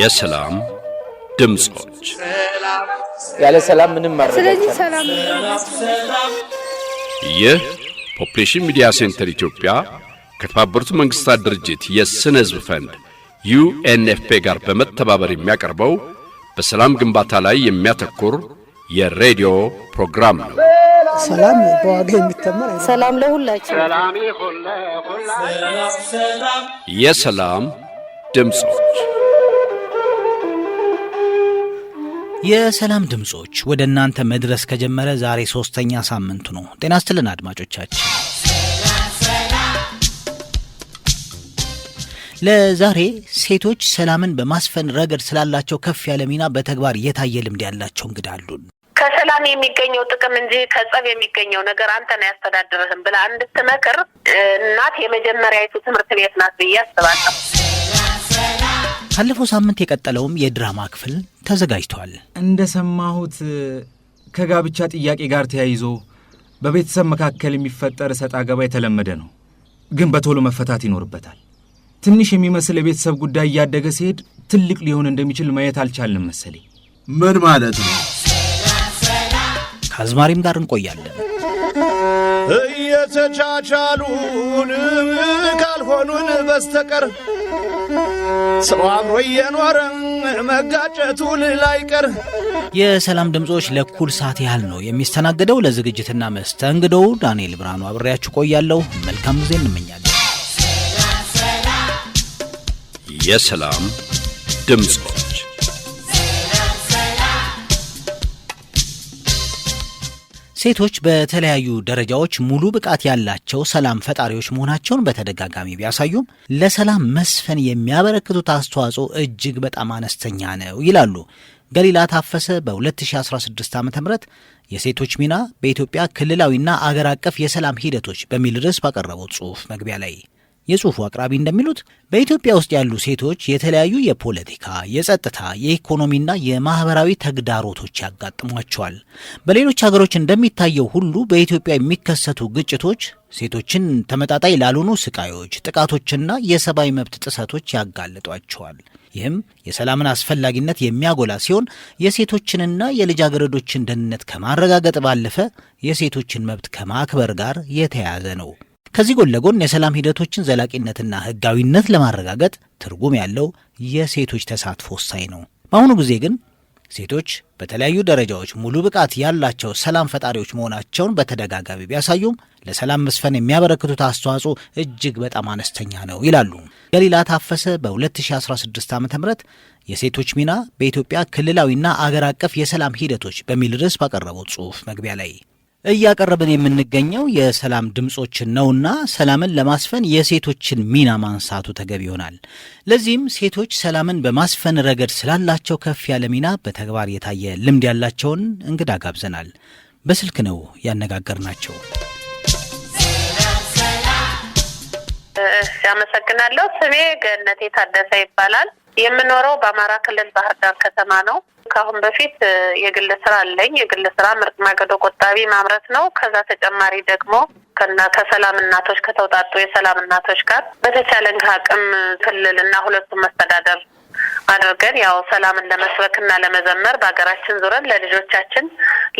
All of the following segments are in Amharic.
የሰላም ድምጾች ያለ ሰላም ምንም ማድረግ። ስለዚህ ሰላም ይህ ፖፕሌሽን ሚዲያ ሴንተር ኢትዮጵያ ከተባበሩት መንግስታት ድርጅት የስነ ህዝብ ፈንድ ዩኤንኤፍፔ ጋር በመተባበር የሚያቀርበው በሰላም ግንባታ ላይ የሚያተኩር የሬዲዮ ፕሮግራም ነው። ሰላም በዋጋ የሚተመን ሰላም ለሁላችን የሰላም ድምጾች የሰላም ድምፆች ወደ እናንተ መድረስ ከጀመረ ዛሬ ሶስተኛ ሳምንቱ ነው። ጤና ስትልን አድማጮቻችን። ለዛሬ ሴቶች ሰላምን በማስፈን ረገድ ስላላቸው ከፍ ያለ ሚና በተግባር የታየ ልምድ ያላቸው እንግዳ አሉን። ከሰላም የሚገኘው ጥቅም እንጂ ከጸብ የሚገኘው ነገር አንተን አያስተዳድርህም ብላ እንድትመክር እናት የመጀመሪያዊቱ ትምህርት ቤት ናት ብዬ አስባለሁ። ባሳለፈው ሳምንት የቀጠለውም የድራማ ክፍል ተዘጋጅቷል። እንደሰማሁት ከጋብቻ ጥያቄ ጋር ተያይዞ በቤተሰብ መካከል የሚፈጠር እሰጥ አገባ የተለመደ ነው፣ ግን በቶሎ መፈታት ይኖርበታል። ትንሽ የሚመስል የቤተሰብ ጉዳይ እያደገ ሲሄድ ትልቅ ሊሆን እንደሚችል ማየት አልቻልንም መሰለኝ። ምን ማለት ነው? ከአዝማሪም ጋር እንቆያለን። እየተቻቻሉን ካልሆኑን በስተቀር ሰው አብሮ እየኖረ መጋጨቱ ላይቀር የሰላም ድምፆች ለኩል ሰዓት ያህል ነው የሚስተናገደው። ለዝግጅትና መስተንግዶው ዳንኤል ብርሃኑ አብሬያችሁ ቆያለሁ። መልካም ጊዜ እንመኛለን። የሰላም ድምፆች ሴቶች በተለያዩ ደረጃዎች ሙሉ ብቃት ያላቸው ሰላም ፈጣሪዎች መሆናቸውን በተደጋጋሚ ቢያሳዩም ለሰላም መስፈን የሚያበረክቱት አስተዋጽኦ እጅግ በጣም አነስተኛ ነው ይላሉ ገሊላ ታፈሰ በ2016 ዓ ም የሴቶች ሚና በኢትዮጵያ ክልላዊና አገር አቀፍ የሰላም ሂደቶች በሚል ርዕስ ባቀረበው ጽሑፍ መግቢያ ላይ የጽሁፉ አቅራቢ እንደሚሉት በኢትዮጵያ ውስጥ ያሉ ሴቶች የተለያዩ የፖለቲካ፣ የጸጥታ፣ የኢኮኖሚና የማህበራዊ ተግዳሮቶች ያጋጥሟቸዋል። በሌሎች ሀገሮች እንደሚታየው ሁሉ በኢትዮጵያ የሚከሰቱ ግጭቶች ሴቶችን ተመጣጣኝ ላልሆኑ ስቃዮች፣ ጥቃቶችና የሰብአዊ መብት ጥሰቶች ያጋልጧቸዋል። ይህም የሰላምን አስፈላጊነት የሚያጎላ ሲሆን የሴቶችንና የልጃገረዶችን ደህንነት ከማረጋገጥ ባለፈ የሴቶችን መብት ከማክበር ጋር የተያያዘ ነው። ከዚህ ጎን ለጎን የሰላም ሂደቶችን ዘላቂነትና ህጋዊነት ለማረጋገጥ ትርጉም ያለው የሴቶች ተሳትፎ ወሳኝ ነው። በአሁኑ ጊዜ ግን ሴቶች በተለያዩ ደረጃዎች ሙሉ ብቃት ያላቸው ሰላም ፈጣሪዎች መሆናቸውን በተደጋጋሚ ቢያሳዩም ለሰላም መስፈን የሚያበረክቱት አስተዋጽኦ እጅግ በጣም አነስተኛ ነው ይላሉ ገሊላ ታፈሰ። በ2016 ዓ ም የሴቶች ሚና በኢትዮጵያ ክልላዊና አገር አቀፍ የሰላም ሂደቶች በሚል ርዕስ ባቀረበው ጽሑፍ መግቢያ ላይ እያቀረብን የምንገኘው የሰላም ድምፆችን ነውና ሰላምን ለማስፈን የሴቶችን ሚና ማንሳቱ ተገቢ ይሆናል። ለዚህም ሴቶች ሰላምን በማስፈን ረገድ ስላላቸው ከፍ ያለ ሚና በተግባር የታየ ልምድ ያላቸውን እንግዳ ጋብዘናል። በስልክ ነው ያነጋገርናቸው። አመሰግናለሁ። ስሜ ገነቴ ታደሰ ይባላል። የምኖረው በአማራ ክልል ባህር ዳር ከተማ ነው። ከአሁን በፊት የግል ስራ አለኝ። የግል ስራ ምርጥ ማገዶ ቆጣቢ ማምረት ነው። ከዛ ተጨማሪ ደግሞ ከና ከሰላም እናቶች ከተውጣጡ የሰላም እናቶች ጋር በተቻለን አቅም ክልል እና ሁለቱም መስተዳደር አድርገን ያው ሰላምን ለመስበክና ለመዘመር በሀገራችን ዙረን ለልጆቻችን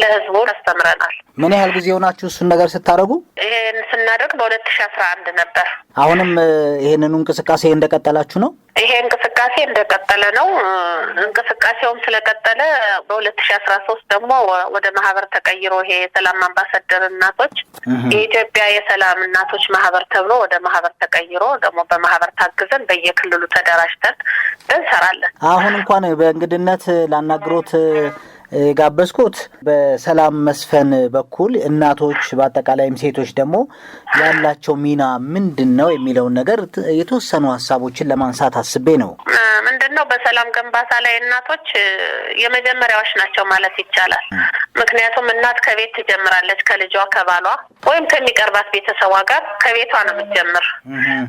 ለህዝቡ አስተምረናል። ምን ያህል ጊዜ ሆናችሁ እሱን ነገር ስታደርጉ? ይሄን ስናደርግ በሁለት ሺ አስራ አንድ ነበር። አሁንም ይሄንኑ እንቅስቃሴ እንደቀጠላችሁ ነው? ይሄ እንቅስቃሴ እንደቀጠለ ነው። እንቅስቃሴውም ስለቀጠለ በሁለት ሺ አስራ ሶስት ደግሞ ወደ ማህበር ተቀይሮ ይሄ የሰላም አምባሳደር እናቶች የኢትዮጵያ የሰላም እናቶች ማህበር ተብሎ ወደ ማህበር ተቀይሮ ደግሞ በማህበር ታግዘን በየክልሉ ተደራጅተን እንሰራለን። አሁን እንኳን በእንግድነት ላናግሮት ጋበዝኩት። በሰላም መስፈን በኩል እናቶች በአጠቃላይም ሴቶች ደግሞ ያላቸው ሚና ምንድን ነው የሚለውን ነገር የተወሰኑ ሀሳቦችን ለማንሳት አስቤ ነው። ምንድን ነው በሰላም ግንባታ ላይ እናቶች የመጀመሪያዎች ናቸው ማለት ይቻላል። ምክንያቱም እናት ከቤት ትጀምራለች። ከልጇ ከባሏ ወይም ከሚቀርባት ቤተሰቧ ጋር ከቤቷ ነው የምትጀምር።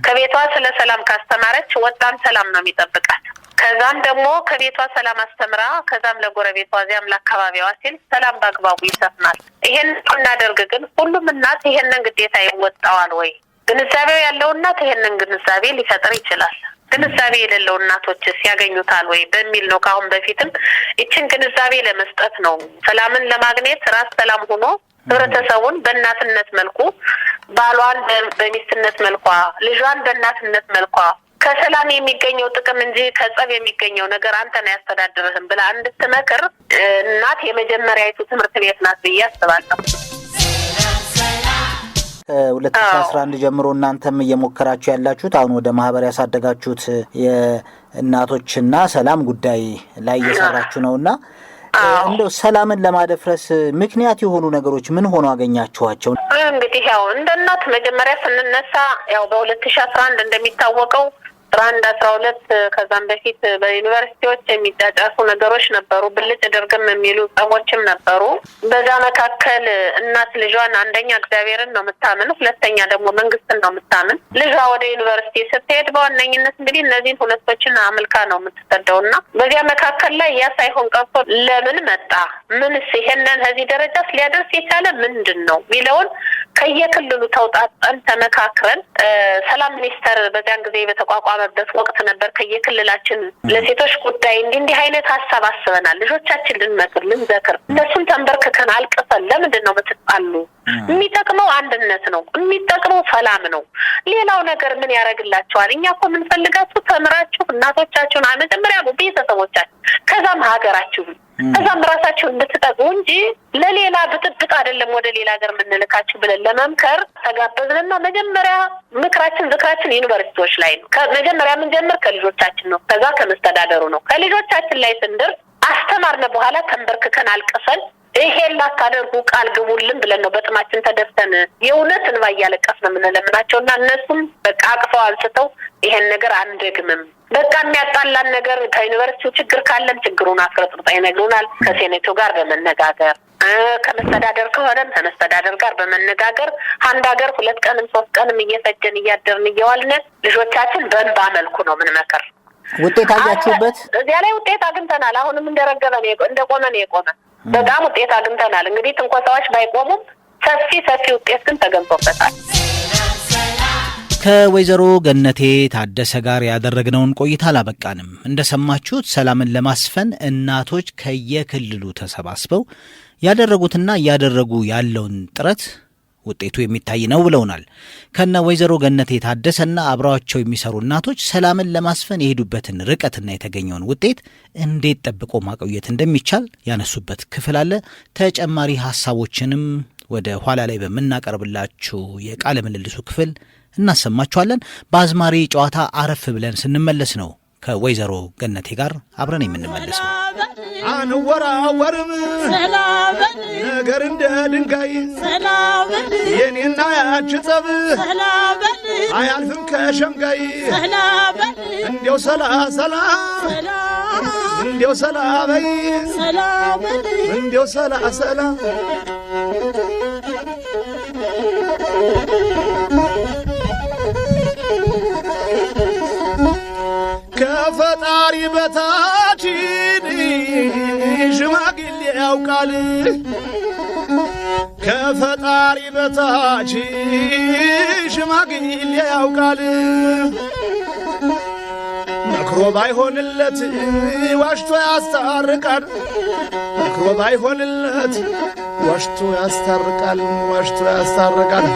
ከቤቷ ስለ ሰላም ካስተማረች ወጣም ሰላም ነው የሚጠብቃት። ከዛም ደግሞ ከቤቷ ሰላም አስተምራ ከዛም ለጎረቤቷ እዚያም ለአካባቢዋ ሲል ሰላም በአግባቡ ይሰፍናል። ይሄን እናደርግ ግን ሁሉም እናት ይሄንን ግዴታ ይወጣዋል ወይ? ግንዛቤው ያለው እናት ይሄንን ግንዛቤ ሊፈጥር ይችላል። ግንዛቤ የሌለው እናቶችስ ያገኙታል ወይ በሚል ነው። ከአሁን በፊትም ይችን ግንዛቤ ለመስጠት ነው፣ ሰላምን ለማግኘት ራስ ሰላም ሆኖ ህብረተሰቡን በእናትነት መልኩ ባሏን በሚስትነት መልኳ ልጇን በእናትነት መልኳ ከሰላም የሚገኘው ጥቅም እንጂ ከጸብ የሚገኘው ነገር አንተን ያስተዳድርህም ብላ እንድትመክር እናት የመጀመሪያዊቱ ትምህርት ቤት ናት ብዬ አስባለሁ። ሁለት ሺ አስራ አንድ ጀምሮ እናንተም እየሞከራችሁ ያላችሁት አሁን ወደ ማህበር ያሳደጋችሁት የእናቶችና ሰላም ጉዳይ ላይ እየሰራችሁ ነው እና እንደው ሰላምን ለማደፍረስ ምክንያት የሆኑ ነገሮች ምን ሆኖ አገኛችኋቸው? እንግዲህ ያው እንደ እናት መጀመሪያ ስንነሳ ያው በሁለት ሺ አስራ አንድ እንደሚታወቀው አስራ አንድ አስራ ሁለት ከዛም በፊት በዩኒቨርሲቲዎች የሚጫጫሱ ነገሮች ነበሩ። ብልጭ ድርግም የሚሉ ጸቦችም ነበሩ። በዛ መካከል እናት ልጇን አንደኛ እግዚአብሔርን ነው የምታምን፣ ሁለተኛ ደግሞ መንግስትን ነው የምታምን። ልጇ ወደ ዩኒቨርሲቲ ስትሄድ በዋነኝነት እንግዲህ እነዚህን ሁለቶችን አምልካ ነው የምትሰደው እና በዚያ መካከል ላይ ያ ሳይሆን ቀርቶ ለምን መጣ ምንስ ይሄንን ከዚህ ደረጃ ሊያደርስ የቻለ ምንድን ነው የሚለውን ከየክልሉ ተውጣጠን ተመካክረን ሰላም ሚኒስቴር በዚያን ጊዜ በተቋቋመ በተሳበበት ወቅት ነበር። ከየክልላችን ለሴቶች ጉዳይ እንዲህ እንዲህ አይነት ሀሳብ አስበናል፣ ልጆቻችን ልንመክር ልንዘክር፣ እነሱም ተንበርክከን አልቅፈን ለምንድን ነው ምትጣሉ? የሚጠቅመው አንድነት ነው፣ የሚጠቅመው ሰላም ነው። ሌላው ነገር ምን ያደርግላቸዋል? እኛ እኮ የምንፈልጋችሁ ተምራችሁ እናቶቻችሁን መጀመሪያ ቤተሰቦቻችሁ ከዛም ሀገራችሁ ከዛም ራሳቸው እንድትጠቁ እንጂ ለሌላ ብጥብጥ አይደለም ወደ ሌላ ሀገር የምንልካችሁ ብለን ለመምከር ተጋበዝንና መጀመሪያ ምክራችን ዝክራችን ዩኒቨርሲቲዎች ላይ ነው። መጀመሪያ የምንጀምር ከልጆቻችን ነው። ከዛ ከመስተዳደሩ ነው። ከልጆቻችን ላይ ስንድር አስተማርነ በኋላ ተንበርክከን አልቅሰን ይሄን ላታደርጉ ቃል ግቡልን ብለን ነው በጥማችን ተደፍተን የእውነት እንባ ነው የምንለምናቸው እና እነሱም በቃ አቅፈው አንስተው ይሄን ነገር አንደግምም በቃ የሚያጣላን ነገር ከዩኒቨርሲቲው ችግር ካለን ችግሩን አስረጥርጣ ይነግሩናል። ከሴኔቱ ጋር በመነጋገር ከመስተዳደር ከሆነም ከመስተዳደር ጋር በመነጋገር አንድ ሀገር ሁለት ቀንም ሶስት ቀንም እየፈጀን እያደርን እየዋልነት ልጆቻችን በእንባ መልኩ ነው ምንመክር። ውጤት አያችሁበት? እዚያ ላይ ውጤት አግኝተናል። አሁንም እንደረገበ እንደቆመ ነው የቆመ። በጣም ውጤት አግኝተናል። እንግዲህ ትንኮሳዎች ባይቆሙም ሰፊ ሰፊ ውጤት ግን ተገንቶበታል። ከወይዘሮ ገነቴ ታደሰ ጋር ያደረግነውን ቆይታ አላበቃንም። እንደሰማችሁት ሰላምን ለማስፈን እናቶች ከየክልሉ ተሰባስበው ያደረጉትና እያደረጉ ያለውን ጥረት ውጤቱ የሚታይ ነው ብለውናል። ከነ ወይዘሮ ገነቴ ታደሰና አብረዋቸው የሚሰሩ እናቶች ሰላምን ለማስፈን የሄዱበትን ርቀትና የተገኘውን ውጤት እንዴት ጠብቆ ማቆየት እንደሚቻል ያነሱበት ክፍል አለ። ተጨማሪ ሀሳቦችንም ወደ ኋላ ላይ በምናቀርብላችሁ የቃለ ምልልሱ ክፍል እናሰማችኋለን። በአዝማሪ ጨዋታ አረፍ ብለን ስንመለስ ነው ከወይዘሮ ገነቴ ጋር አብረን የምንመለሰው። አንወራወርም ነገር እንደ ድንጋይ የኔና ያች ጸብ አያልፍም ከሸምጋይ እንዲያው ሰላ ሰላ እንዲያው ሰላ በይ እንዲያው ሰላ ሰላ ከፈጣሪ በታችን ሽማግሌ ያውቃል ከፈጣሪ በታች ሽማግሌ ያውቃል። መክሮ ባይሆንለት ዋሽቶ ያስታርቃል። መክሮ ባይሆንለት ዋሽቶ ያስታርቃል። ዋሽቶ ያስታርቃል።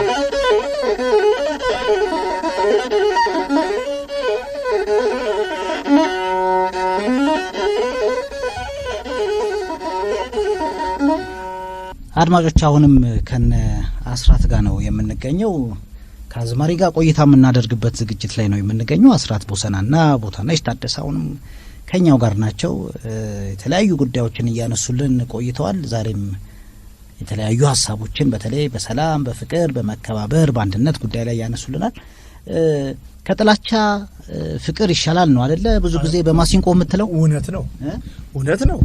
አድማጮች አሁንም ከነ አስራት ጋር ነው የምንገኘው። ከአዝማሪ ጋር ቆይታ የምናደርግበት ዝግጅት ላይ ነው የምንገኘው። አስራት ቦሰናና ቦታ ይታደሰ አሁንም ከኛው ጋር ናቸው። የተለያዩ ጉዳዮችን እያነሱልን ቆይተዋል። ዛሬም የተለያዩ ሀሳቦችን በተለይ በሰላም፣ በፍቅር፣ በመከባበር፣ በአንድነት ጉዳይ ላይ ያነሱልናል። ከጥላቻ ፍቅር ይሻላል ነው አደለ? ብዙ ጊዜ በማሲንቆ የምትለው እውነት ነው፣ እውነት ነው።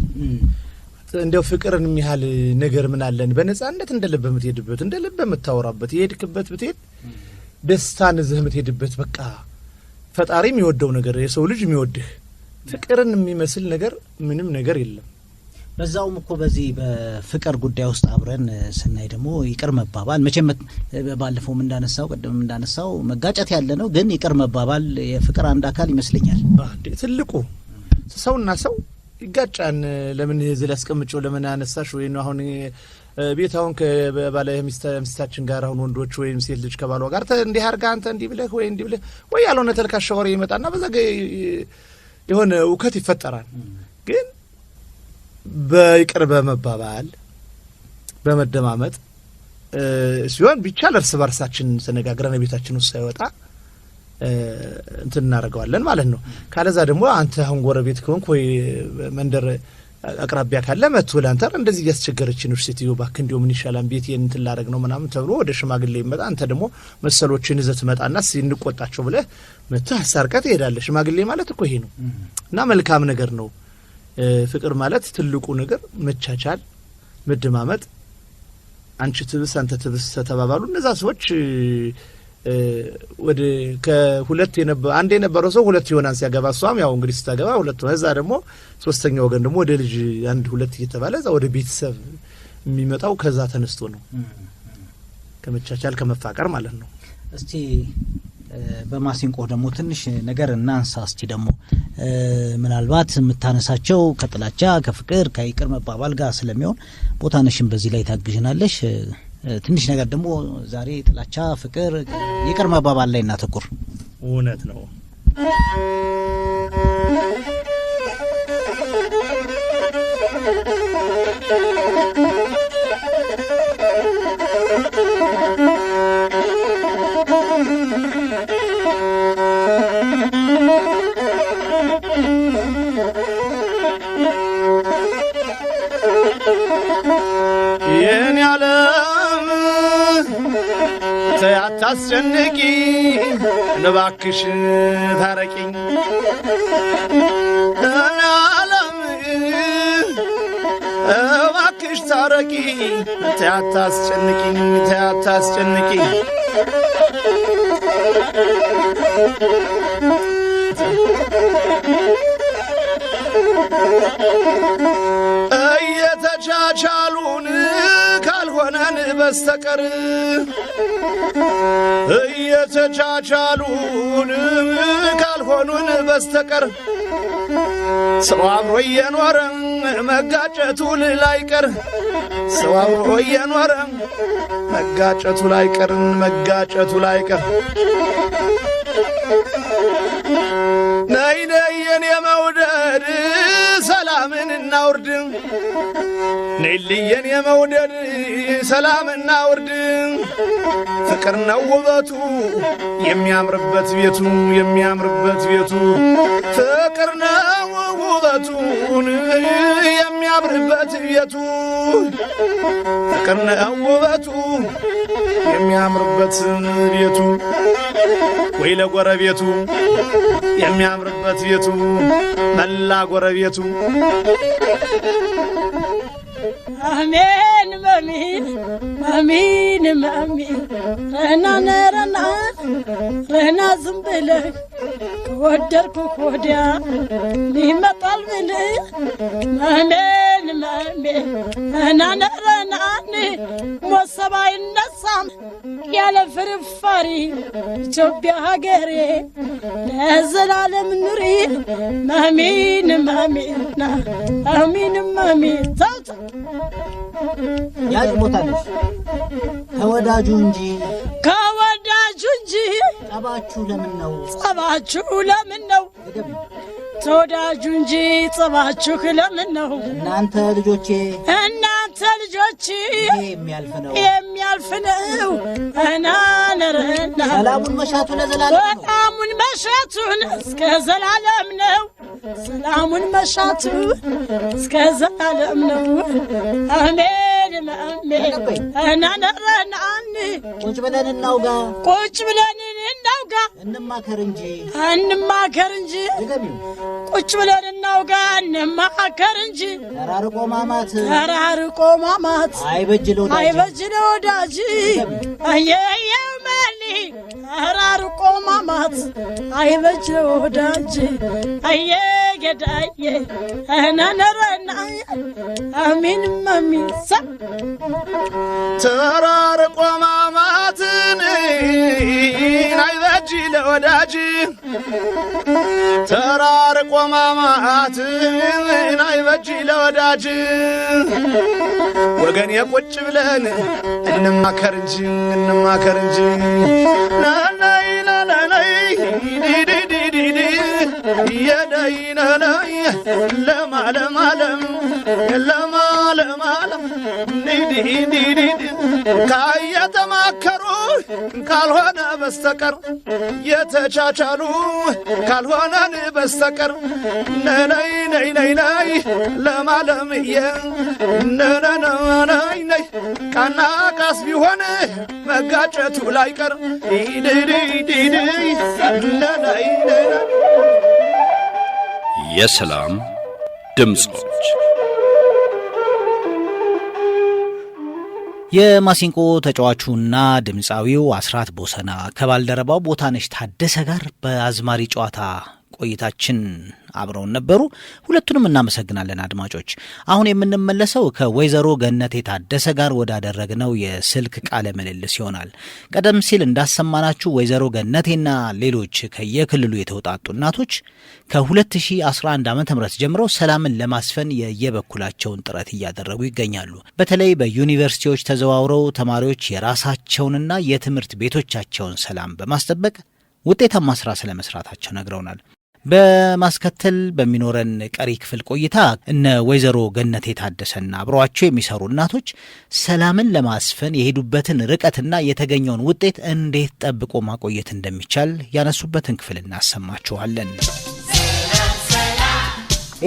እንደው ፍቅርን የሚያህል ነገር ምን አለን? በነጻነት እንደ ልብ የምትሄድበት እንደ ልብ የምታወራበት የሄድክበት ብትሄድ ደስታን እዝህ የምትሄድበት በቃ ፈጣሪ የሚወደው ነገር የሰው ልጅ የሚወድህ ፍቅርን የሚመስል ነገር ምንም ነገር የለም። በዛውም እኮ በዚህ በፍቅር ጉዳይ ውስጥ አብረን ስናይ ደግሞ ይቅር መባባል መቼም ባለፈውም እንዳነሳው ቅድም እንዳነሳው መጋጨት ያለ ነው፣ ግን ይቅር መባባል የፍቅር አንድ አካል ይመስለኛል። ትልቁ ሰውና ሰው ይጋጫን። ለምን ዝል ያስቀምጮ ለምን አነሳሽ? ወይ አሁን ቤት አሁን ከባለ ሚስታችን ጋር አሁን ወንዶች ወይም ሴት ልጅ ከባሏ ጋር እንዲህ አድርጋ አንተ እንዲህ ብለህ ወይ እንዲህ ብለህ ወይ ያልሆነ ተልካሻ ወሬ ይመጣና በዛ የሆነ እውከት ይፈጠራል። ግን በይቅር በመባባል በመደማመጥ ሲሆን ቢቻል እርስ በርሳችን ተነጋግረን ቤታችን ውስጥ ሳይወጣ እንትን እናደርገዋለን ማለት ነው። ካለዛ ደግሞ አንተ አሁን ጎረቤት ከሆንክ ወይ መንደር አቅራቢያ ካለ መቶ ላንተር እንደዚህ እያስቸገረች ነው ሴትዮ፣ እባክህ እንዲሁ ምን ይሻላል ቤት እንትን ላደርግ ነው ምናምን ተብሎ ወደ ሽማግሌ ይመጣ። አንተ ደግሞ መሰሎችን ይዘህ ትመጣና እንቆጣቸው ብለህ መተህ አሳርቀህ ትሄዳለህ። ሽማግሌ ማለት እኮ ይሄ ነው እና መልካም ነገር ነው። ፍቅር ማለት ትልቁ ነገር መቻቻል፣ መደማመጥ፣ አንቺ ትብስ አንተ ትብስ ተተባባሉ እነዛ ሰዎች ወደ ከሁለት አንድ የነበረው ሰው ሁለት ይሆናል ሲያገባ፣ እሷም ያው እንግዲህ ስታገባ ሁለት ሆነ። እዛ ደግሞ ሶስተኛ ወገን ደግሞ ወደ ልጅ አንድ ሁለት እየተባለ እዛ ወደ ቤተሰብ የሚመጣው ከዛ ተነስቶ ነው፣ ከመቻቻል ከመፋቀር ማለት ነው። እስቲ በማሲንቆ ደግሞ ትንሽ ነገር እናንሳ። እስቲ ደግሞ ምናልባት የምታነሳቸው ከጥላቻ ከፍቅር ከይቅር መባባል ጋር ስለሚሆን ቦታነሽን በዚህ ላይ ታግዥናለሽ። ትንሽ ነገር ደግሞ ዛሬ ጥላቻ፣ ፍቅር፣ ይቅር መባባል ላይ እናተኩር። እውነት ነው። Thank you. አታስጨንቂ እባክሽ ታረቂኝ ለዓለም እባክሽ ታረቂ ተያታስጨንቂኝ ተያታስጨንቂ እየተቻቻሉን ካህናን በስተቀር እየተቻቻሉን ካልሆኑን በስተቀር ሰው አብሮ እየኖረ መጋጨቱን ላይቀር ሰው አብሮ እየኖረ መጋጨቱ ላይቀርን መጋጨቱ ላይቀር ነይ ነይ የኔ መውደድ ሰላምን እናውርድ፣ ነይልኝ የኔ መውደድ ሰላም እናውርድ። ፍቅር ነው ውበቱ የሚያምርበት ቤቱ የሚያምርበት ቤቱ ፍቅር ነው ውበቱን የሚያምርበት ቤቱ ተቀናው ውበቱ የሚያምርበት ቤቱ ወይ ለጎረቤቱ የሚያምርበት ቤቱ መላ ጎረቤቱ አሜን مامين مامين مامين مامين رهنا نيرنا رهنا زنبلك ودركك ودا لما طلب لي مامين مامين هنا نقرن عني مصبا ينصم يا لفرفاري ኢትዮጵያ ሀገሬ ለዘላለም ኑሪ ማሚን ማሚና አሚን ማሚን ታውታ ያጭሞታለች ከወዳጁ እንጂ ከወዳጁ እንጂ ጸባችሁ ለምን ነው ጸባችሁ ለምን ነው ተወዳጁ እንጂ ጸባችሁ ለምን ነው? እናንተ ልጆቼ እናንተ ልጆቼ የሚያልፍ ነው የሚያልፍ ነው። እናነረና ሰላሙን መሻቱን ለዘላለም ነው። ሰላሙን መሻቱን እስከ ዘላለም ነው። ሰላሙን መሻቱ እስከ ዘላለም ነው። አሜን አሜን። እናነረናን ቁጭ ብለን እናውጋ ቁጭ ብለን እናውጋ፣ እንማከር እንጂ እንማከር እንጂ ቁጭ ብለን እናውጋ፣ እንማከር እንጂ ተራርቆ ማማት ተራርቆ ማማት ተራርቆ ማማት አየ ገዳዬ አሚን መሚሰ ወዳጅ ተራርቆ ማማአት አይበጅ ለወዳጅ። ወገን የቁጭ ብለን እንማከር እንጂ እንማከር እንጂ ናናይ ናናናይ የደይነነይ ለማ ለማለም ለማ ለማለም ካልሆነ በስተቀር የተቻቻሉ ካልሆነን በስተቀር ነነይ ነይ ነይ ነይ ለማለምየ ነይ ቃና ቃስ ቢሆን መጋጨቱ ላይቀር ነነይ ነይ የሰላም ድምፆች የማሲንቆ ተጫዋቹና ድምፃዊው አስራት ቦሰና ከባልደረባው ቦታነሽ ታደሰ ጋር በአዝማሪ ጨዋታ ቆይታችን አብረውን ነበሩ። ሁለቱንም እናመሰግናለን አድማጮች። አሁን የምንመለሰው ከወይዘሮ ገነቴ ታደሰ ጋር ወዳደረግነው የስልክ ቃለ ምልልስ ይሆናል። ቀደም ሲል እንዳሰማናችሁ ወይዘሮ ገነቴና ሌሎች ከየክልሉ የተውጣጡ እናቶች ከ2011 ዓ ም ጀምሮ ሰላምን ለማስፈን የየበኩላቸውን ጥረት እያደረጉ ይገኛሉ። በተለይ በዩኒቨርሲቲዎች ተዘዋውረው ተማሪዎች የራሳቸውንና የትምህርት ቤቶቻቸውን ሰላም በማስጠበቅ ውጤታማ ስራ ስለመስራታቸው ነግረውናል። በማስከተል በሚኖረን ቀሪ ክፍል ቆይታ እነ ወይዘሮ ገነቴ ታደሰና አብረዋቸው የሚሰሩ እናቶች ሰላምን ለማስፈን የሄዱበትን ርቀትና የተገኘውን ውጤት እንዴት ጠብቆ ማቆየት እንደሚቻል ያነሱበትን ክፍል እናሰማችኋለን።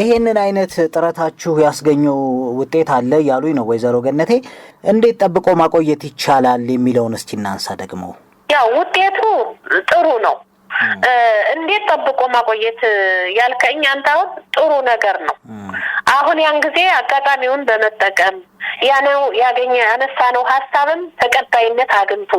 ይሄንን አይነት ጥረታችሁ ያስገኘው ውጤት አለ እያሉኝ ነው ወይዘሮ ገነቴ። እንዴት ጠብቆ ማቆየት ይቻላል የሚለውን እስቲ እናንሳ። ደግሞ ያው ውጤቱ ጥሩ ነው። እንዴት ጠብቆ ማቆየት ያልከኝ አንተ አሁን ጥሩ ነገር ነው። አሁን ያን ጊዜ አጋጣሚውን በመጠቀም ያነው ያገኘ ያነሳነው ሀሳብም ተቀባይነት አግኝቶ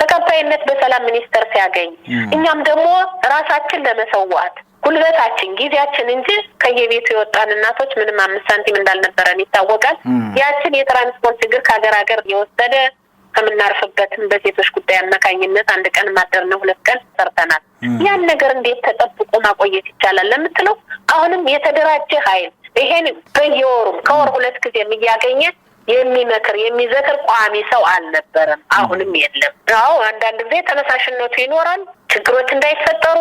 ተቀባይነት በሰላም ሚኒስቴር ሲያገኝ እኛም ደግሞ ራሳችን ለመሰዋት ጉልበታችን ጊዜያችን እንጂ ከየቤቱ የወጣን እናቶች ምንም አምስት ሳንቲም እንዳልነበረን ይታወቃል። ያችን የትራንስፖርት ችግር ከሀገር ሀገር የወሰደ ከምናርፍበትም በሴቶች ጉዳይ አማካኝነት አንድ ቀን ማደር ነው፣ ሁለት ቀን ሰርተናል። ያን ነገር እንዴት ተጠብቆ ማቆየት ይቻላል ለምትለው አሁንም የተደራጀ ኃይል ይሄን በየወሩም ከወር ሁለት ጊዜም እያገኘ የሚመክር የሚዘክር ቋሚ ሰው አልነበረም፣ አሁንም የለም። አዎ አንዳንድ ጊዜ ተነሳሽነቱ ይኖራል። ችግሮች እንዳይፈጠሩ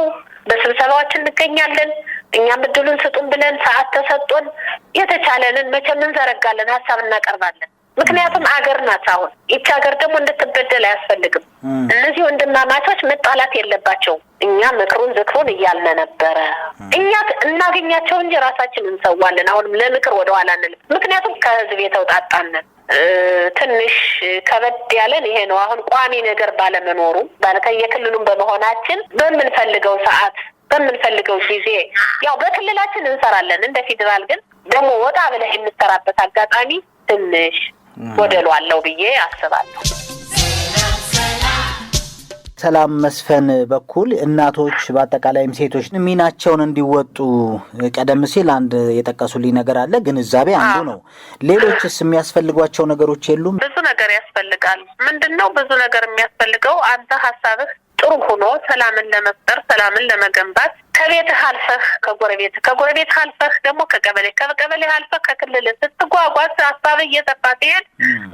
በስብሰባዎች እንገኛለን። እኛም እድሉን ስጡን ብለን ሰዓት ተሰጡን፣ የተቻለንን መቼም እንዘረጋለን፣ ሀሳብ እናቀርባለን። ምክንያቱም አገር ናት። አሁን ይቺ ሀገር ደግሞ እንድትበደል አያስፈልግም። እነዚህ ወንድማማቾች መጣላት የለባቸውም። እኛ ምክሩን ዝክሩን እያልን ነበረ። እኛ እናገኛቸው እንጂ ራሳችን እንሰዋለን። አሁንም ለምክር ወደኋላ እንልም። ምክንያቱም ከህዝብ የተውጣጣንን ትንሽ ከበድ ያለን ይሄ ነው። አሁን ቋሚ ነገር ባለመኖሩ ከየክልሉም በመሆናችን በምንፈልገው ሰዓት በምንፈልገው ጊዜ ያው በክልላችን እንሰራለን። እንደ ፌዴራል ግን ደግሞ ወጣ ብለህ የምሰራበት አጋጣሚ ትንሽ ወደሉ አለው ብዬ አስባለሁ። ሰላም መስፈን በኩል እናቶች በአጠቃላይም ሴቶች ሚናቸውን እንዲወጡ ቀደም ሲል አንድ የጠቀሱልኝ ነገር አለ፣ ግንዛቤ አንዱ ነው። ሌሎችስ የሚያስፈልጓቸው ነገሮች የሉም? ብዙ ነገር ያስፈልጋል። ምንድን ነው ብዙ ነገር የሚያስፈልገው? አንተ ሀሳብህ ጥሩ ሆኖ ሰላምን ለመፍጠር ሰላምን ለመገንባት ከቤትህ አልፈህ ከጎረቤት ከጎረቤት አልፈህ ደግሞ ከቀበሌ ከቀበሌ አልፈህ ከክልል ስትጓጓዝ ሀሳብ እየሰፋ ሲሄድ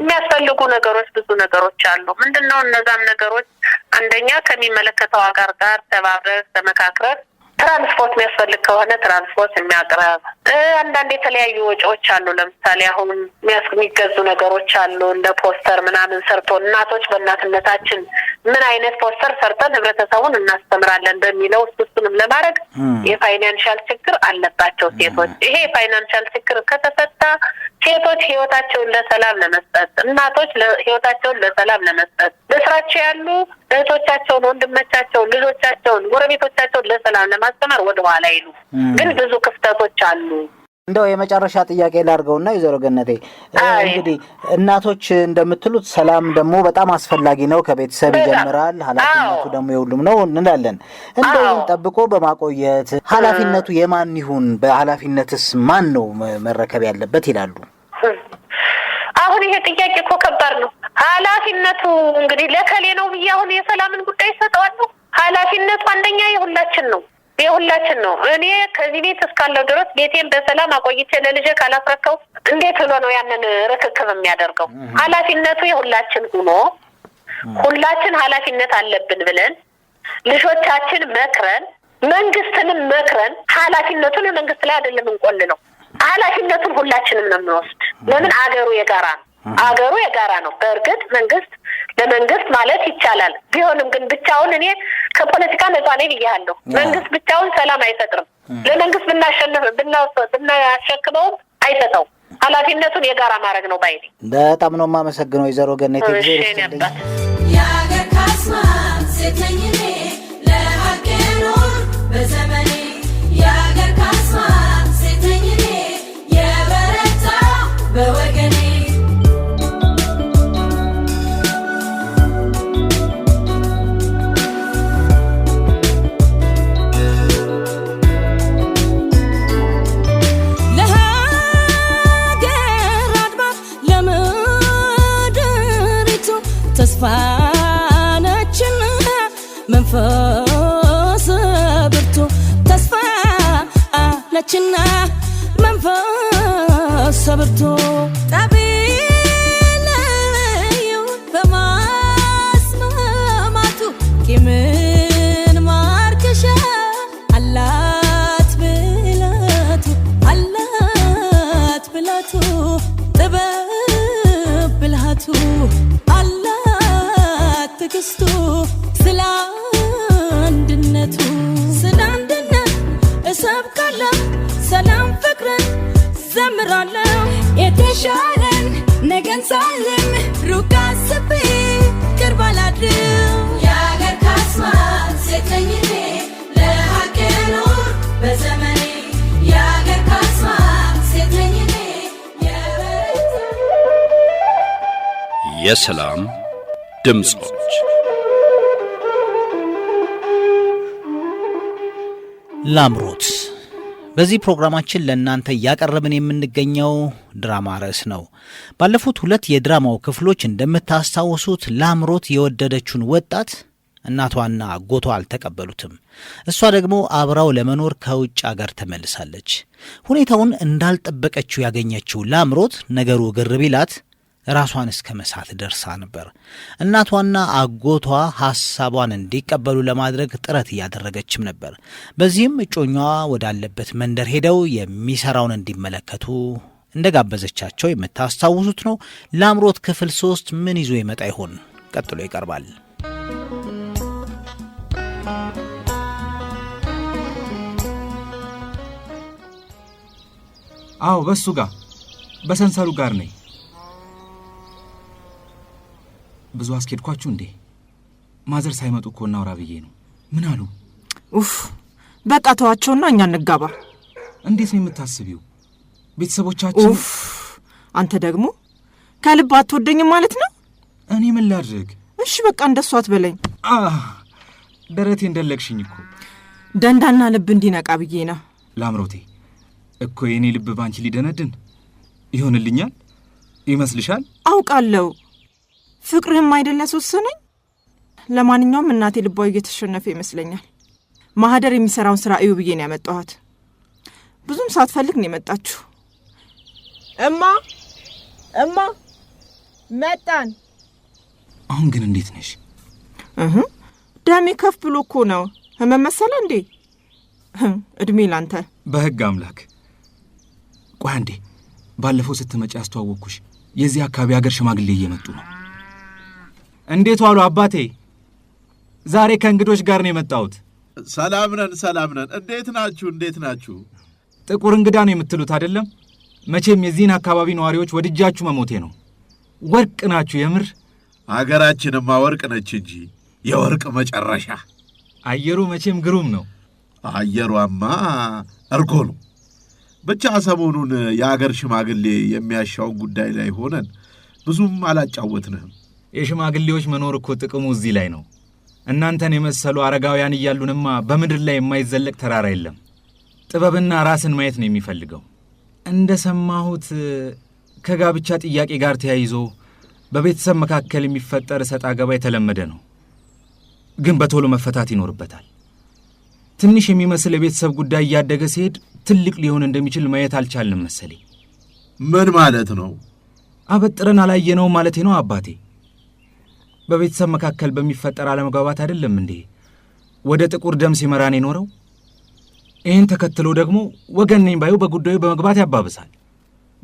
የሚያስፈልጉ ነገሮች ብዙ ነገሮች አሉ። ምንድን ነው እነዛም ነገሮች አንደኛ ከሚመለከተው አጋር ጋር ተባብረህ ተመካክረህ ትራንስፖርት የሚያስፈልግ ከሆነ ትራንስፖርት የሚያቅረብ አንዳንድ የተለያዩ ወጪዎች አሉ። ለምሳሌ አሁን የሚገዙ ነገሮች አሉ እንደ ፖስተር ምናምን ሰርቶ እናቶች በእናትነታችን ምን አይነት ፖስተር ሰርተን ህብረተሰቡን እናስተምራለን በሚለው እሱ እሱንም ለማድረግ የፋይናንሻል ችግር አለባቸው ሴቶች። ይሄ የፋይናንሻል ችግር ከተፈታ ሴቶች ህይወታቸውን ለሰላም ለመስጠት እናቶች ህይወታቸውን ለሰላም ለመስጠት በስራቸው ያሉ እህቶቻቸውን፣ ወንድሞቻቸውን፣ ልጆቻቸውን፣ ጎረቤቶቻቸውን ለሰላም ለማስተማር ወደ ኋላ ይሉ ግን ብዙ ክፍተቶች አሉ። እንደው የመጨረሻ ጥያቄ ላድርገውና ወይዘሮ ገነቴ እንግዲህ እናቶች እንደምትሉት ሰላም ደግሞ በጣም አስፈላጊ ነው፣ ከቤተሰብ ይጀምራል። ኃላፊነቱ ደግሞ የሁሉም ነው እንላለን። እንደውም ጠብቆ በማቆየት ኃላፊነቱ የማን ይሁን? በኃላፊነትስ ማን ነው መረከብ ያለበት ይላሉ። አሁን ይሄ ጥያቄ እኮ ከባድ ነው። ኃላፊነቱ እንግዲህ ለከሌ ነው ብዬ አሁን የሰላምን ጉዳይ ይሰጠዋለሁ። ኃላፊነቱ አንደኛ የሁላችን ነው የሁላችን ነው። እኔ ከዚህ ቤት እስካለው ድረስ ቤቴን በሰላም አቆይቼ ለልጄ ካላስረከው እንዴት ብሎ ነው ያንን ርክክብ የሚያደርገው? ኃላፊነቱ የሁላችን ሆኖ ሁላችን ኃላፊነት አለብን ብለን ልጆቻችን መክረን መንግስትንም መክረን ኃላፊነቱን የመንግስት ላይ አይደለም እንቆል ነው ኃላፊነቱን ሁላችንም ነው የምንወስድ። ለምን አገሩ የጋራ ነው። አገሩ የጋራ ነው። በእርግጥ መንግስት ለመንግስት ማለት ይቻላል። ቢሆንም ግን ብቻውን እኔ ከፖለቲካ ነጻ ነኝ ብያለሁ። መንግስት ብቻውን ሰላም አይፈጥርም። ለመንግስት ብናሸንፍ ብናሸክመውም አይሰጠውም። ኃላፊነቱን የጋራ ማድረግ ነው ባይ። በጣም ነው የማመሰግነው ወይዘሮ ገነት ጊዜ የሀገር ካስማ ሴተኝኔ ለሀገኖር በዘመኔ የሀገር ካስማ ሴተኝኔ የበረታ በወ ነችና መንፈስ ሰብርቶ ይሻለን ነገን ሳልም ሩቅ አስቤ ቅርብ አላድርም የአገር ካስማ ኖር በዘመኔ የአገር ካስማ የሰላም ድምፆች ላምሮት በዚህ ፕሮግራማችን ለእናንተ እያቀረብን የምንገኘው ድራማ ርዕስ ነው። ባለፉት ሁለት የድራማው ክፍሎች እንደምታስታውሱት ላምሮት የወደደችውን ወጣት እናቷና አጎቷ አልተቀበሉትም። እሷ ደግሞ አብራው ለመኖር ከውጭ አገር ተመልሳለች። ሁኔታውን እንዳልጠበቀችው ያገኘችው ላምሮት ነገሩ ግር ቢላት ራሷን እስከ መሳት ደርሳ ነበር። እናቷና አጎቷ ሐሳቧን እንዲቀበሉ ለማድረግ ጥረት እያደረገችም ነበር። በዚህም እጮኛዋ ወዳለበት መንደር ሄደው የሚሰራውን እንዲመለከቱ እንደጋበዘቻቸው የምታስታውሱት ነው። ለአምሮት ክፍል ሶስት ምን ይዞ ይመጣ ይሆን? ቀጥሎ ይቀርባል። አዎ በሱ ጋር በሰንሰሩ ጋር ነኝ ብዙ አስኬድኳችሁ እንዴ? ማዘር ሳይመጡ እኮ እናውራ ብዬ ነው። ምን አሉ? ኡፍ በቃ ተዋቸውና እኛ እንጋባ። እንዴት ነው የምታስቢው? ቤተሰቦቻችን። ኡፍ አንተ ደግሞ ከልብ አትወደኝም ማለት ነው። እኔ ምን ላድርግ? እሺ በቃ እንደሱ አትበለኝ። ደረቴ እንደለቅሽኝ እኮ። ደንዳና ልብ እንዲነቃ ብዬ ነው። ላምሮቴ እኮ የእኔ ልብ ባንቺ ሊደነድን ይሆንልኛል ይመስልሻል? አውቃለሁ ፍቅርህም አይደለ አስወሰነኝ። ለማንኛውም እናቴ ልባዊ እየተሸነፈ ይመስለኛል። ማህደር የሚሰራውን ስራ እዩ ብዬ ነው ያመጣኋት። ብዙም ሳትፈልግ ነው የመጣችሁ። እማ እማ፣ መጣን። አሁን ግን እንዴት ነሽ? ደሜ ከፍ ብሎ እኮ ነው። ህመም መሰለ እንዴ? እድሜ ላንተ። በህግ አምላክ። ቆይ አንዴ፣ ባለፈው ስትመጪ አስተዋወቅኩሽ። የዚህ አካባቢ ሀገር ሽማግሌ እየመጡ ነው እንዴት ዋሉ አባቴ? ዛሬ ከእንግዶች ጋር ነው የመጣሁት። ሰላም ነን፣ ሰላም ነን። እንዴት ናችሁ? እንዴት ናችሁ? ጥቁር እንግዳ ነው የምትሉት አይደለም? መቼም የዚህን አካባቢ ነዋሪዎች ወድጃችሁ መሞቴ ነው። ወርቅ ናችሁ የምር። አገራችንማ ወርቅ ነች እንጂ የወርቅ መጨረሻ። አየሩ መቼም ግሩም ነው። አየሯማ እርጎ ነው። ብቻ ሰሞኑን የአገር ሽማግሌ የሚያሻውን ጉዳይ ላይ ሆነን ብዙም አላጫወትንህም። የሽማግሌዎች መኖር እኮ ጥቅሙ እዚህ ላይ ነው። እናንተን የመሰሉ አረጋውያን እያሉንማ በምድር ላይ የማይዘለቅ ተራራ የለም። ጥበብና ራስን ማየት ነው የሚፈልገው። እንደ ሰማሁት ከጋብቻ ጥያቄ ጋር ተያይዞ በቤተሰብ መካከል የሚፈጠር እሰጥ አገባ የተለመደ ነው፣ ግን በቶሎ መፈታት ይኖርበታል። ትንሽ የሚመስል የቤተሰብ ጉዳይ እያደገ ሲሄድ ትልቅ ሊሆን እንደሚችል ማየት አልቻልንም መሰለኝ። ምን ማለት ነው? አበጥረን አላየነው ማለቴ ነው አባቴ። በቤተሰብ መካከል በሚፈጠር አለመግባባት አይደለም እንዴ ወደ ጥቁር ደም ሲመራን የኖረው? ይህን ተከትሎ ደግሞ ወገን ነኝ ባዩ በጉዳዩ በመግባት ያባብሳል።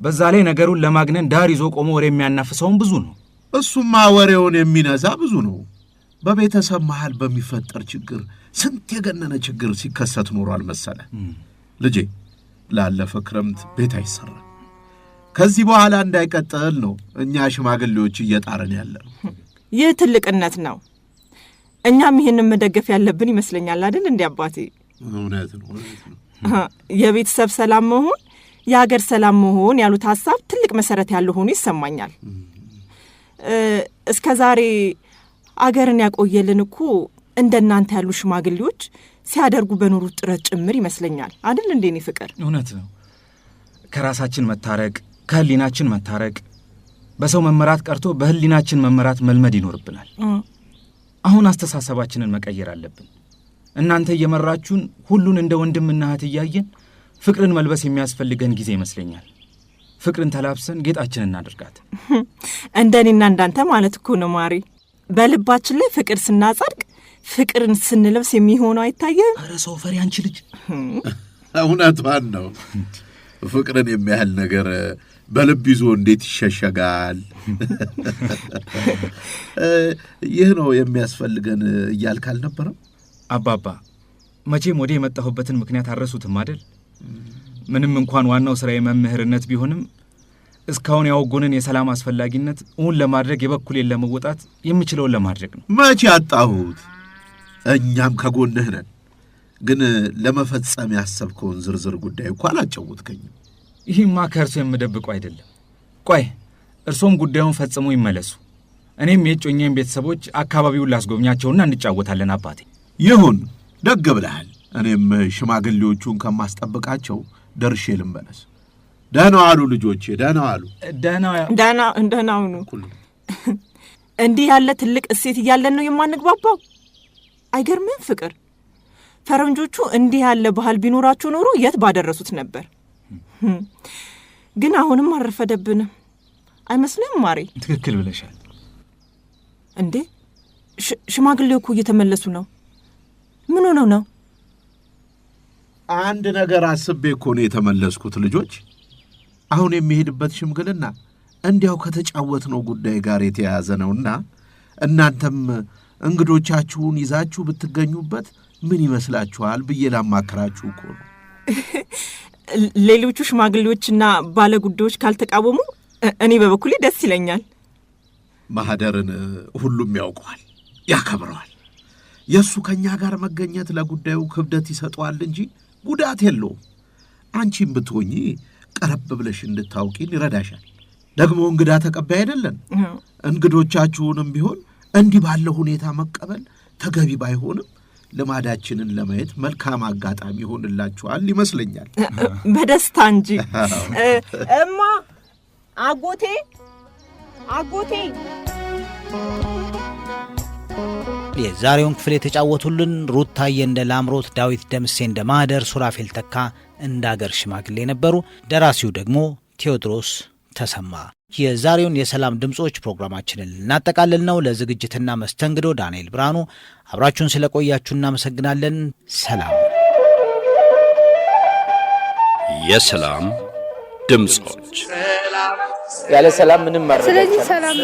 በዛ ላይ ነገሩን ለማግነን ዳር ይዞ ቆሞ ወሬ የሚያናፍሰውን ብዙ ነው። እሱማ ወሬውን የሚነዛ ብዙ ነው። በቤተሰብ መሃል በሚፈጠር ችግር ስንት የገነነ ችግር ሲከሰት ኖሯል መሰለ። ልጄ ላለፈ ክረምት ቤት አይሰራ ከዚህ በኋላ እንዳይቀጥል ነው እኛ ሽማግሌዎች እየጣርን ያለ ይህ ትልቅነት ነው። እኛም ይህንን መደገፍ ያለብን ይመስለኛል። አይደል እንዲ አባቴ? እውነት ነው። የቤተሰብ ሰላም መሆን የሀገር ሰላም መሆን ያሉት ሀሳብ ትልቅ መሰረት ያለ ሆኖ ይሰማኛል። እስከ ዛሬ አገርን ያቆየልን እኮ እንደ እናንተ ያሉ ሽማግሌዎች ሲያደርጉ በኖሩት ጥረት ጭምር ይመስለኛል። አይደል እንዴ? እኔ ፍቅር እውነት ነው። ከራሳችን መታረቅ፣ ከህሊናችን መታረቅ በሰው መመራት ቀርቶ በህሊናችን መመራት መልመድ ይኖርብናል። አሁን አስተሳሰባችንን መቀየር አለብን። እናንተ እየመራችሁን ሁሉን እንደ ወንድምና እህት እያየን ፍቅርን መልበስ የሚያስፈልገን ጊዜ ይመስለኛል። ፍቅርን ተላብሰን ጌጣችን እናድርጋት። እንደኔና እንዳንተ ማለት እኮ ነው ማሪ። በልባችን ላይ ፍቅር ስናጸድቅ ፍቅርን ስንለብስ የሚሆነው አይታየም። ኧረ ሰው ፈሪ አንቺ ልጅ እውነቷን ነው። ፍቅርን የሚያህል ነገር በልብ ይዞ እንዴት ይሸሸጋል? ይህ ነው የሚያስፈልገን እያልክ አልነበረም? አባባ መቼም ወደ የመጣሁበትን ምክንያት አረሱትም አደል? ምንም እንኳን ዋናው ሥራ መምህርነት ቢሆንም እስካሁን ያወጎንን የሰላም አስፈላጊነት እውን ለማድረግ የበኩሌን ለመወጣት የምችለውን ለማድረግ ነው። መቼ አጣሁት? እኛም ከጎንህ ነን። ግን ለመፈጸም ያሰብከውን ዝርዝር ጉዳይ እኳ አላጫወትከኝም። ይህማ ከእርሶ የምደብቁ አይደለም። ቆይ እርሶም ጉዳዩን ፈጽሞ ይመለሱ። እኔም የእጮኛዬን ቤተሰቦች አካባቢውን ላስጎብኛቸውና እንጫወታለን። አባቴ ይሁን፣ ደግ ብለሃል። እኔም ሽማግሌዎቹን ከማስጠብቃቸው ደርሼ ልመለስ። ደህና አሉ ልጆቼ፣ ደህና አሉ። ደህና ሁኑ። እንዲህ ያለ ትልቅ እሴት እያለን ነው የማንግባባው። አይገርምም ፍቅር? ፈረንጆቹ እንዲህ ያለ ባህል ቢኖራቸው ኖሮ የት ባደረሱት ነበር። ግን አሁንም አልረፈደብንም አይመስልም ማሬ? ትክክል ብለሻል። እንዴ ሽማግሌው እኮ እየተመለሱ ነው። ምን ሆነው ነው? አንድ ነገር አስቤ እኮ ነው የተመለስኩት። ልጆች፣ አሁን የሚሄድበት ሽምግልና እንዲያው ከተጫወትነው ጉዳይ ጋር የተያያዘ ነውና እናንተም እንግዶቻችሁን ይዛችሁ ብትገኙበት ምን ይመስላችኋል ብዬ ላማከራችሁ እኮ ነው። ሌሎቹ ሽማግሌዎችና ባለጉዳዮች ካልተቃወሙ እኔ በበኩሌ ደስ ይለኛል። ማህደርን ሁሉም ያውቀዋል፣ ያከብረዋል። የእሱ ከእኛ ጋር መገኘት ለጉዳዩ ክብደት ይሰጠዋል እንጂ ጉዳት የለውም። አንቺም ብትሆኚ ቀረብ ብለሽ እንድታውቂን ይረዳሻል። ደግሞ እንግዳ ተቀባይ አይደለን። እንግዶቻችሁንም ቢሆን እንዲህ ባለ ሁኔታ መቀበል ተገቢ ባይሆንም ልማዳችንን ለማየት መልካም አጋጣሚ ይሆንላችኋል ይመስለኛል። በደስታ እንጂ እማ አጎቴ አጎቴ የዛሬውን ክፍል የተጫወቱልን ሩት ታየ እንደ ላምሮት፣ ዳዊት ደምሴ እንደ ማህደር፣ ሱራፌል ተካ እንደ አገር ሽማግሌ ነበሩ። ደራሲው ደግሞ ቴዎድሮስ ተሰማ። የዛሬውን የሰላም ድምፆች ፕሮግራማችንን ልናጠቃልል ነው። ለዝግጅትና መስተንግዶ ዳንኤል ብርሃኑ፣ አብራችሁን ስለቆያችሁ እናመሰግናለን። ሰላም። የሰላም ድምፆች ያለ ሰላም ምንም ማድረግ ስለዚህ ሰላም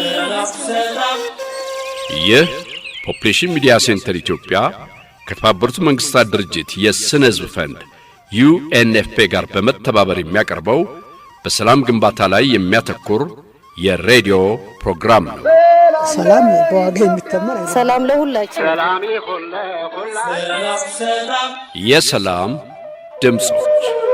ይህ ፖፑሌሽን ሚዲያ ሴንተር ኢትዮጵያ ከተባበሩት መንግስታት ድርጅት የስነ ህዝብ ፈንድ ዩኤንኤፍፔ ጋር በመተባበር የሚያቀርበው በሰላም ግንባታ ላይ የሚያተኩር የሬዲዮ ፕሮግራም ነው። ሰላም በዋጋ የሚተመን ሰላም ለሁላችን የሰላም ድምፆች